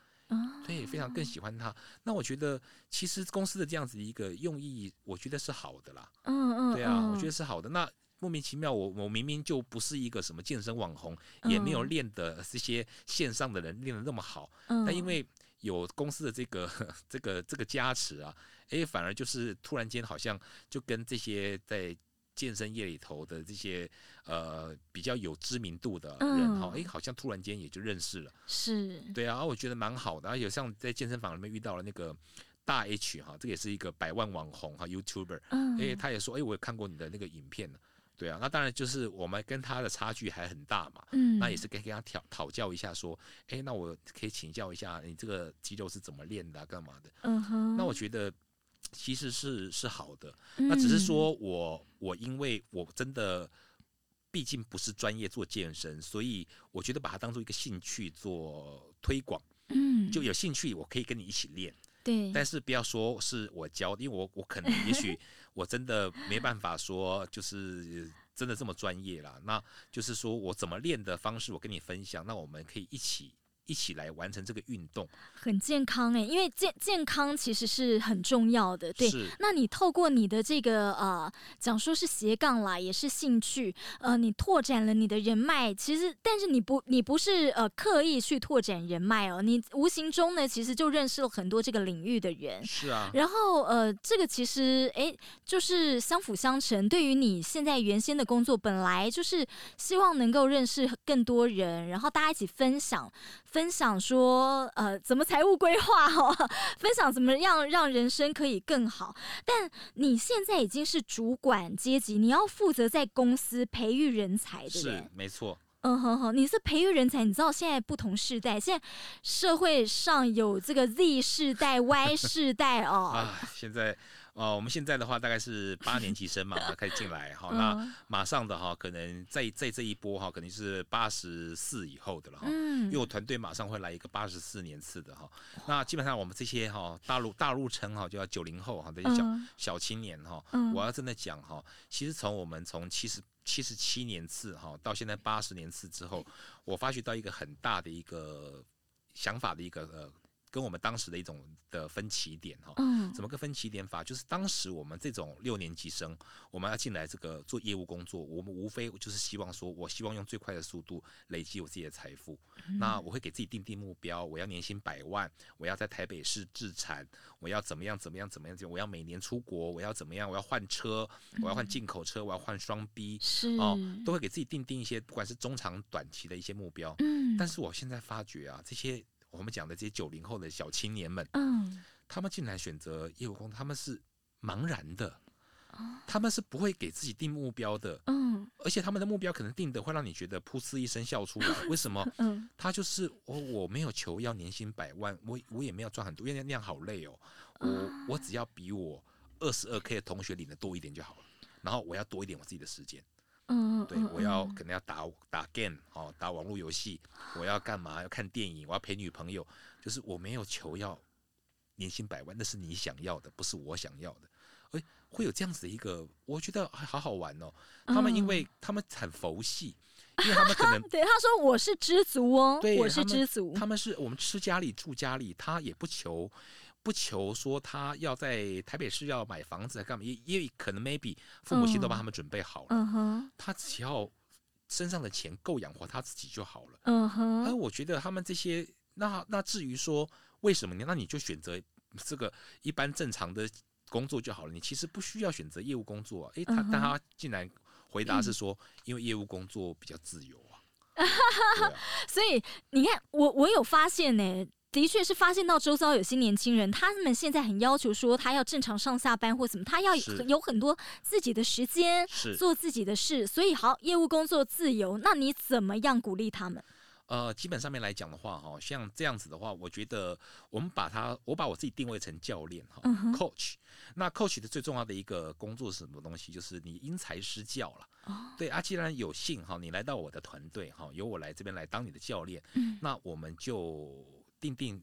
所以、嗯、非常更喜歡他。那我覺得其實公司的這樣子一個用意，我覺得是好的啦，嗯嗯，嗯對啊，我覺得是好的。嗯嗯、那莫名其妙，我我明明就不是一個什麼健身網紅，也沒有練的這些線上的人練的那麼好，嗯、但那因為有公司的這個這個這個加持啊，誒，反而就是突然間好像就跟這些在。健身業裡頭的這些呃比較有知名度的人哈，誒、嗯喔欸，好像突然間也就認識了，是，對啊，我覺得蠻好的。啊有像在健身房裡面遇到了那個大 H 哈、喔，這個、也是一個百萬網紅哈、喔，YouTuber，嗯，因為他也說，誒、欸，我也看過你的那個影片，對啊，那當然就是我們跟他的差距還很大嘛，嗯，那也是可以跟他討討教一下，說，誒、欸，那我可以請教一下你這個肌肉是怎麼練的、啊，干嘛的？嗯哼，那我覺得。其實是是好的，那只是說我、嗯、我因為我真的畢竟不是專業做健身，所以我覺得把它當作一個興趣做推廣，嗯，就有興趣我可以跟你一起練，對，但是不要說是我教，因為我我可能也許我真的沒辦法說就是真的這麼專業啦。 那就是說我怎麼練的方式我跟你分享，那我們可以一起。一起來完成這個運動，很健康哎、欸，因為健健康其實是很重要的。對，是那你透過你的這個呃，講說是斜槓啦，也是興趣，呃，你拓展了你的人脈，其實但是你不你不是呃刻意去拓展人脈哦、喔，你無形中呢，其實就認識了很多這個領域的人。是啊，然後呃，這個其實哎、欸，就是相輔相成。對於你現在原先的工作，本來就是希望能夠認識更多人，然後大家一起分享分。分享說，呃，怎麼財務規劃哦？分享怎麼樣讓人生可以更好？但你現在已經是主管階級，你要負責在公司培育人才的人，對不對？沒錯。嗯哼哼，你是培育人才，你知道現在不同世代，現在社會上有這個 Z 世代， Y 世代哦。啊，現在。哦、呃，我們現在的話大概是八年級生嘛， 開始進來哈。那馬上的哈，可能在在這一波哈，肯定是八十四以後的了哈。嗯、因為我團隊馬上會來一個八十四年次的哈。那基本上我們這些哈大陸大陸稱哈，就叫九零後哈，這些小小青年哈。我要真的講哈，其實從我們從七十七十七年次哈到現在八十年次之後，我發覺到一個很大的一個想法的一個呃。跟我們當時的一種的分歧點哈，哦，嗯，怎麼個分歧點法？就是當時我們這種六年級生，我們要進來這個做業務工作，我們無非就是希望說，我希望用最快的速度累積我自己的財富。嗯，那我會給自己定定目標，我要年薪百萬，我要在台北市置產，我要怎麼樣怎麼樣怎麼樣，我要每年出國，我要怎麼樣，我要換車，嗯，我要換進口車，我要換雙 B，是哦，都會給自己定定一些，不管是中長短期的一些目標。嗯，但是我現在發覺啊，這些。我們講的這些九零後的小青年們，嗯、他們竟然選擇業務工，他們是茫然的，他們是不會給自己定目標的，嗯、而且他們的目標可能定的會讓你覺得噗嗤一聲笑出來。為什麼？嗯、他就是我、哦，我沒有求要年薪百萬，我我也沒有賺很多，因為那樣好累哦，我、嗯、我只要比我二十二 k 的同學領的多一點就好了，然後我要多一點我自己的時間。嗯，對，我要肯定要打打 game 哦，打網絡遊戲，我要幹嘛？要看電影，我要陪女朋友，就是我沒有求要年薪百萬，那是你想要的，不是我想要的。會有這樣子的一個，我覺得還好好玩哦。嗯、他們因為他們很佛系，因為他們可能 對他說我是知足哦，對我是知足他，他們是我們吃家裡住家裡，他也不求。不求說他要在台北市要買房子還幹嘛，也因為可能 maybe 父母親都幫他們準備好了，嗯哼、uh huh. 他只要身上的錢夠養活他自己就好了，嗯哼、uh huh. 而我覺得他們這些，那那至於說為什麼呢？那你就選擇這個一般正常的，工作就好了。你其實不需要選擇業務工作，啊，誒，他、uh huh. 但他竟然回答是說，因為業務工作比較自由啊。所以你看，我我有發現呢，欸。的確是發現到周遭有些年輕人，他們現在很要求說他要正常上下班或什麼，他要有很多自己的時間是做自己的事，所以好業務工作自由，那你怎麼樣鼓勵他們？呃，基本上面來講的話，哈，像這樣子的話，我覺得我們把他，我把我自己定位成教練哈、嗯、哼，coach。那 coach 的最重要的一個工作是什麼東西？就是你因材施教了。哦、對，啊，既然有幸哈，你來到我的團隊哈，由我來這邊來當你的教練，嗯、那我們就。定定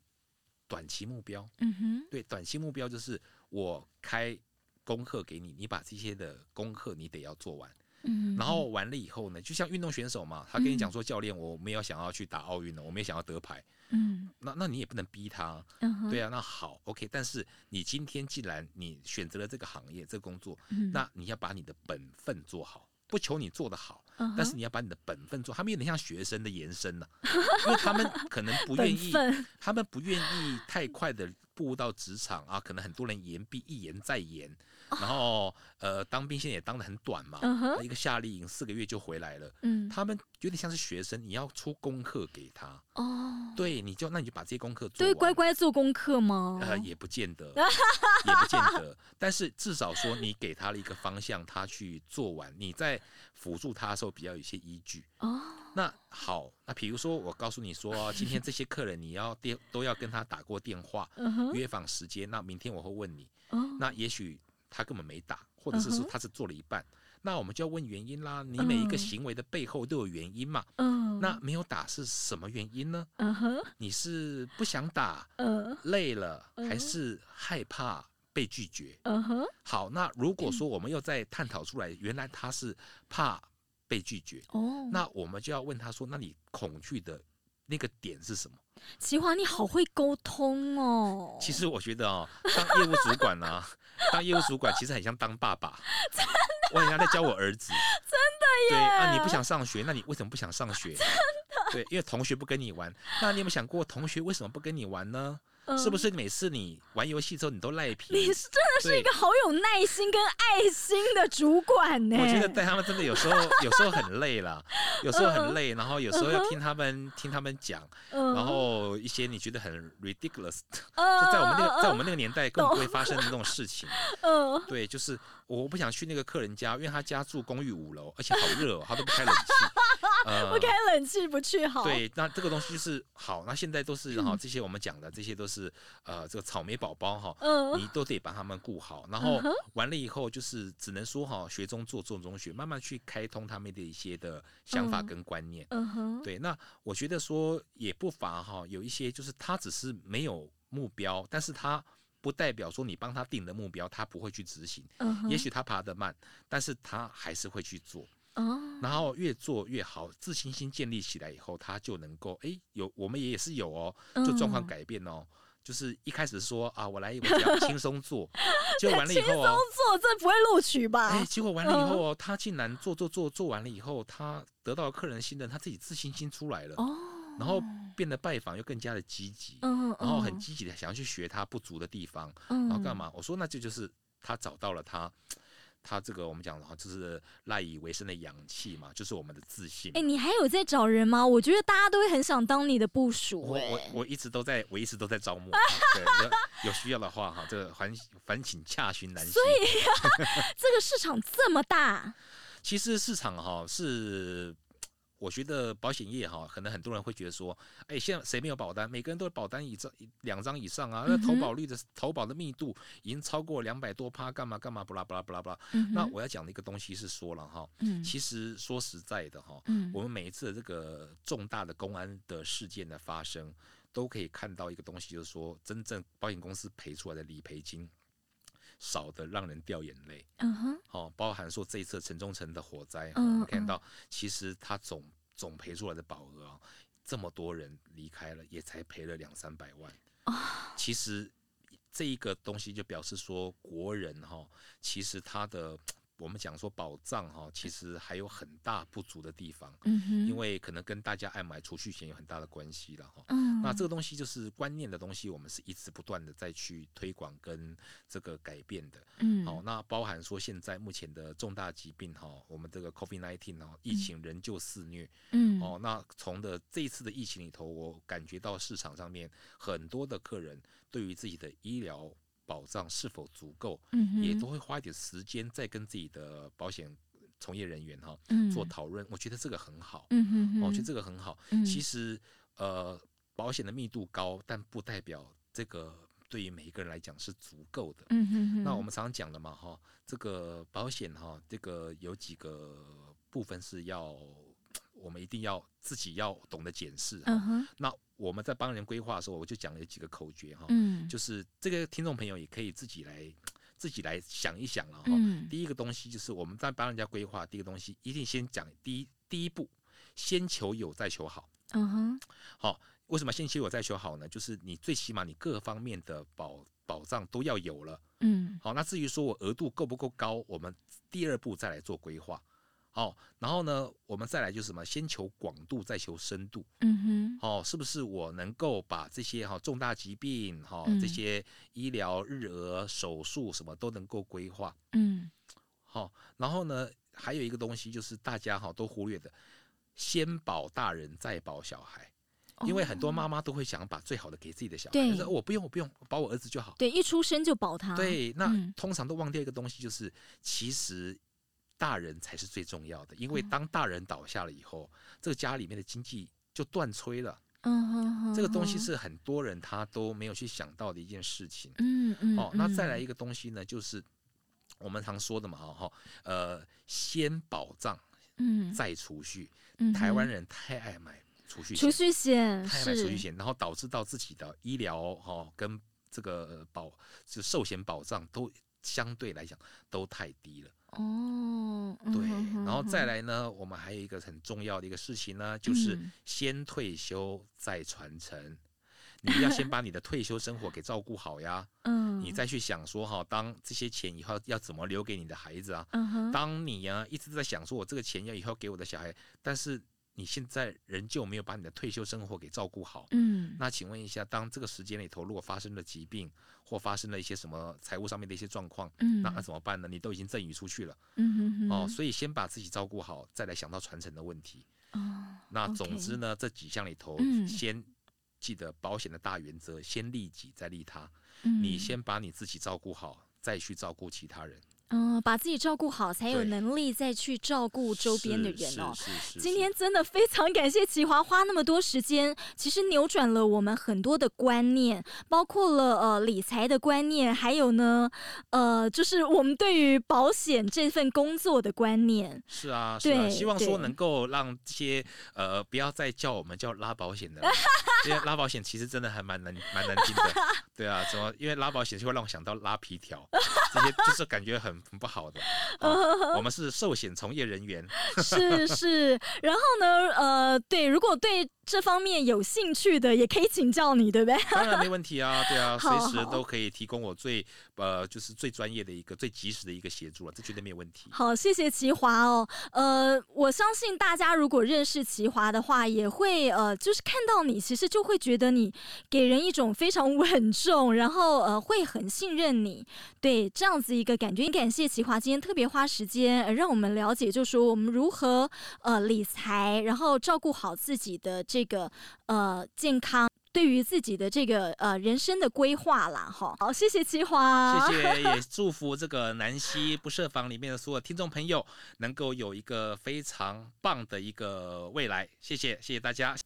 短期目標，嗯哼，對，短期目標就是我開功課給你，你把這些的功課你得要做完，嗯哼，然後完了以後呢，就像運動選手嘛，他跟你講說、嗯、教練，我沒有想要去打奧運了，我沒想要得牌，嗯，那那你也不能逼他、啊，嗯、哼對啊，那好，OK，但是你今天既然你選擇了這個行業、這個、工作，嗯、哼那你要把你的本分做好，不求你做得好。但是你要把你的本分做，他們有點像學生的延伸了、啊，因為他們可能不願意， 本分 他們不願意太快的步入到職場啊，可能很多人延畢，一延再延。然後，呃，當兵現在也當得很短嘛，uh huh. 一個夏令營四個月就回來了。嗯，他們有點像是學生，你要出功課給他。哦，oh. 對，你就那你就把這些功課做。對，乖乖做功課嗎？呃，也不見得， 也不見得。但是至少說，你給他了一個方向，他去做完，你在輔助他的時候比較有一些依據。哦，oh. 那好，那比如說我告訴你說，今天這些客人你要電 都要跟他打過電話，uh huh. 約訪時間。那明天我會問你。Oh. 那也許。他根本沒打，或者是說他是做了一半，uh huh. 那我們就要問原因啦。你每一個行為的背後都有原因嘛？Uh huh. 那沒有打是什麼原因呢？Uh huh. 你是不想打？Uh huh. 累了，uh huh. 還是害怕被拒絕？Uh huh. 好，那如果說我們要再探討出來，uh huh. 原來他是怕被拒絕。Uh huh. 那我們就要問他說，那你恐懼的那個點是什麼？麒華，你好會溝通哦。其實我覺得哦，當業務主管呢、啊， 當業務主管其實很像當爸爸，的我很像在教我兒子。真的耶。對啊，你不想上學，那你為什麼不想上學？真的。對，因為同學不跟你玩。那你有沒有想過，同學為什麼不跟你玩呢？是不是每次你玩遊戲之後你都賴皮？你是真的是一個好有耐心跟愛心的主管呢。我覺得帶他們真的有時候有時候很累了，有時候很累，然後有時候要聽他們聽他們講，然後一些你覺得很 ridiculous，就在我們那個在我們那個年代根本不會發生的那種事情。對，就是我不想去那個客人家，因為他家住公寓五樓，而且好熱哦，他都不開冷氣。不開、嗯 okay, 冷氣不去好。對，那這個東西就是好。那現在都是哈，嗯、這些我們講的，這些都是呃，這個草莓寶寶哈，哦嗯、你都得把他們顧好。然後完了以後，就是只能說哈，學中做，做中學，慢慢去開通他們的一些的想法跟觀念。嗯嗯、對，那我覺得說也不乏哈、哦，有一些就是他只是沒有目標，但是他不代表說你幫他定的目標他不會去執行。嗯，也許他爬得慢，但是他還是會去做。哦、然後越做越好，自信心建立起來以後，他就能夠哎，有我們也是有哦，就狀況改變哦，嗯、就是一開始說啊，我來我這輕鬆做， 結果完了以後啊、哦，輕鬆做這不會錄取吧？哎，結果完了以後哦，哦他竟然做做做做完了以後，他得到客人的信任，他自己自信心出來了，哦、然後變得拜訪又更加的積極，嗯嗯、然後很積極的想要去學他不足的地方，嗯、然後幹嘛？我說那這就，就是他找到了他。他這個我們講的話，就是賴以為生的氧氣嘛，就是我們的自信。哎、欸，你還有在找人嗎？我覺得大家都會很想當你的部屬。欸、我我我一直都在，我一直都在招募 對。有需要的話哈，這個煩煩請洽詢。男性。所以、啊， 這個市場這麼大、啊。其實市場哈是。我覺得保險業哈，可能很多人會覺得說，誒、哎，現在誰沒有保單？每個人都有保單一張、兩張以上啊。那投保率的投保的密度已經超過兩百多趴，幹嘛幹嘛不啦不啦不啦不啦。那我要講的一個東西是說了哈，其實說實在的哈，我們每一次的這個重大的公安的事件的發生，都可以看到一個東西，就是說真正保險公司賠出來的理賠金。少的讓人掉眼淚，嗯哼、uh，huh. 哦，包含說這一次城中城的火災，uh huh. 我們看到其實他總總賠出來的保額啊，這麼多人離開了也才賠了兩三百萬，啊、uh，huh. 其實這一個東西就表示說國人哈、哦，其實他的。我們講說保障哈，其實還有很大不足的地方，嗯、哼因為可能跟大家愛買儲蓄險有很大的關係了哈，嗯、那這個東西就是觀念的東西，我們是一直不斷的在去推廣跟這個改變的，好、嗯哦，那包含說現在目前的重大疾病哈、哦，我們這個 COVID-19、哦、疫情仍舊肆虐，嗯、哦，那從的這一次的疫情裡頭，我感覺到市場上面很多的客人對於自己的醫療。保障是否足夠，嗯、哼也都會花一點時間再跟自己的保險從業人員哈、哦嗯、做討論。我覺得這個很好，嗯、哼哼我覺得這個很好。嗯、哼其實，呃，保險的密度高，但不代表這個對於每一個人來講是足夠的。嗯、哼哼那我們常常講的嘛，哈、哦，這個保險哈、哦，這個有幾個部分是要。我們一定要自己要懂得檢視，uh huh. 那我們在幫人規劃的時候，我就講了幾個口訣哈，嗯、就是這個聽眾朋友也可以自己來自己來想一想了哈。嗯、第一個東西就是我們在幫人家規劃，第一個東西一定先講第一第一步，先求有再求好，嗯好、uh huh. 為什麼先求有再求好呢？就是你最起碼你各方面的保保障都要有了，嗯。好，那至於說我額度夠不夠高，我們第二步再來做規劃。哦，然後呢，我們再來就是什麼？先求廣度，再求深度。嗯哼，哦，是不是我能夠把這些哈、哦、重大疾病哈、哦嗯、這些醫療日額手術什麼都能夠規劃？嗯，好、哦。然後呢，還有一個東西就是大家哈都忽略的，先保大人再保小孩，因為很多媽媽都會想把最好的給自己的小孩，對說我、哦、不用我不用，我保我兒子就好。對，一出生就保他。對，那、嗯、通常都忘掉一個東西，就是其實。大人才是最重要的，因為當大人倒下了以後，哦、這個家裡面的經濟就斷炊了。嗯、哦哦、這個東西是很多人他都沒有去想到的一件事情。嗯嗯，嗯哦、嗯那再來一個東西呢，就是我們常說的嘛，哈，呃，先保障，嗯，再儲蓄。嗯、台灣人太愛買儲蓄儲蓄險，太愛買儲蓄險，是然後導致到自己的醫療哈、哦、跟這個保就壽險保障都相對來講都太低了。哦，對，嗯、哼哼哼，然後再來呢，我們還有一個很重要的一個事情呢，就是先退休再傳承，嗯、你要先把你的退休生活給照顧好呀，嗯、你再去想說哈，當這些錢以後要怎麼留給你的孩子啊，嗯、哼當你呀、啊、一直在想說我這個錢要以後給我的小孩，但是。你現在仍舊沒有把你的退休生活給照顧好，嗯、那請問一下，當這個時間裡頭如果發生了疾病或發生了一些什麼財務上面的一些狀況，嗯、那、啊、怎麼辦呢？你都已經贈予出去了，嗯、哼哼哦，所以先把自己照顧好，再來想到傳承的問題。哦、那總之呢，哦 okay、這幾項裡頭，先記得保險的大原則，嗯、先利己再利他，嗯、你先把你自己照顧好，再去照顧其他人。嗯，把自己照顧好，才有能力再去照顧周邊的人哦、喔。是是是是，今天真的非常感謝麒華花那麼多時間，其實扭轉了我們很多的觀念，包括了呃理財的觀念，還有呢呃，就是我們對於保險這份工作的觀念。是啊，是啊，對是啊，希望說能夠讓這些呃不要再叫我們叫拉保險的人， 拉保險其實真的還蠻難蠻難聽的。對啊，怎麼？因為拉保險就會讓我想到拉皮條。 這些就是感覺很很不好的，我們是壽險從業人員， 是是，然後呢，呃，對，如果對。這方面有興趣的也可以請教你，對不對？當然沒問題啊，對啊， 好隨時都可以提供我最呃，就是最專業的一個、最及時的一個協助了，這絕對沒有問題。好，謝謝麒華哦，呃，我相信大家如果認識麒華的話，也會呃，就是看到你，其實就會覺得你給人一種非常穩重，然後呃，會很信任你，對這樣子一個感覺。也感謝麒華今天特別花時間，呃、讓我們了解，就是說我們如何呃理財，然後照顧好自己的這。這個呃，健康對於自己的這個呃人生的規劃啦，哈，好，謝謝麒華，謝謝，也祝福這個南希不設限裡面的所有聽眾朋友能夠有一個非常棒的一個未來，謝謝，謝謝大家。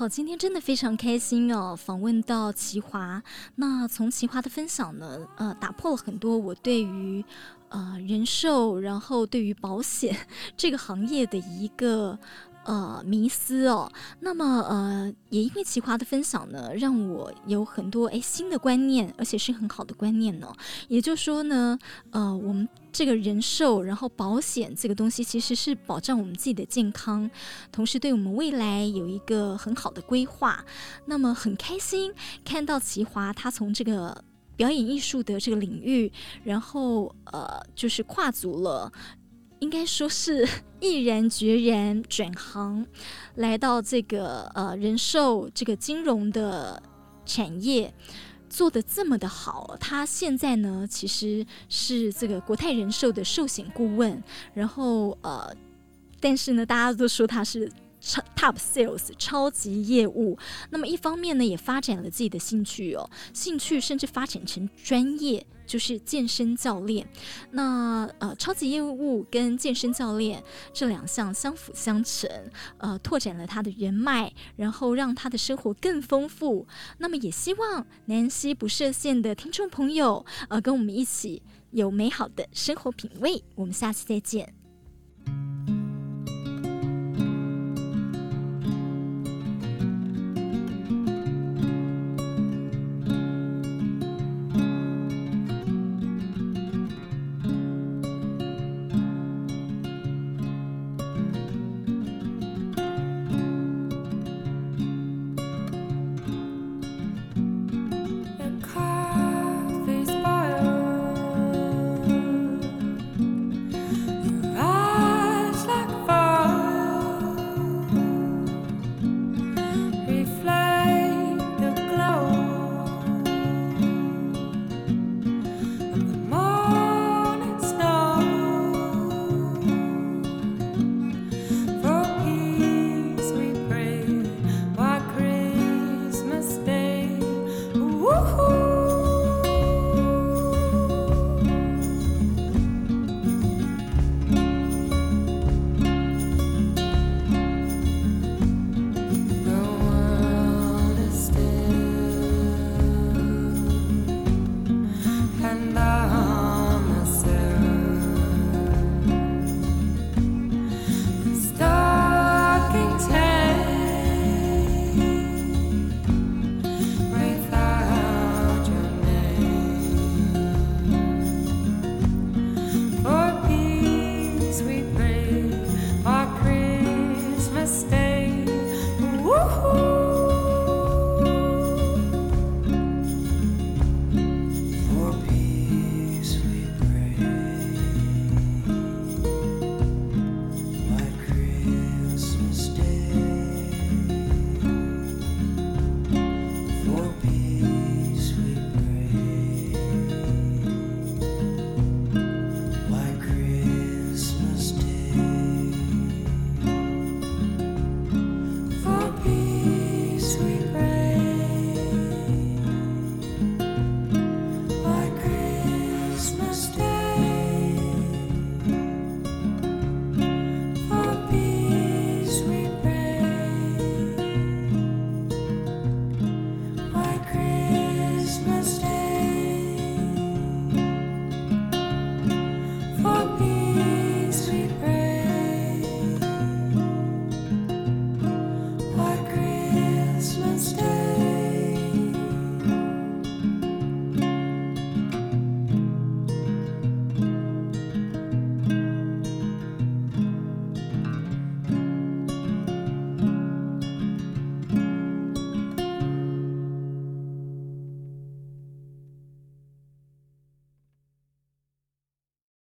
好，今天真的非常開心哦，訪問到麒華。那從麒華的分享呢，呃，打破了很多我對於，呃，人壽，然後對於保險這個行業的一個。呃，迷思哦。那麼，呃，也因為麒華的分享呢，讓我有很多哎新的觀念，而且是很好的觀念呢、哦。也就是說呢，呃，我們這個人壽，然後保險這個東西，其實是保障我們自己的健康，同時對我們未來有一個很好的規劃。那麼很開心看到麒華他從這個表演藝術的這個領域，然後呃，就是跨足了。應該說是毅然決然轉行，來到這個呃人壽這個金融的產業，做得這麼的好。他現在呢，其實是這個國泰人壽的壽險顧問，然後呃，但是呢，大家都說他是 top sales 超級業務。那麼一方面呢，也發展了自己的興趣哦，興趣甚至發展成專業。就是健身教練，那呃超級業務跟健身教練這兩項相輔相成，呃拓展了他的人脈，然後讓他的生活更豐富。那麼也希望南希不設限的聽眾朋友，呃跟我們一起有美好的生活品味。我們下期再見。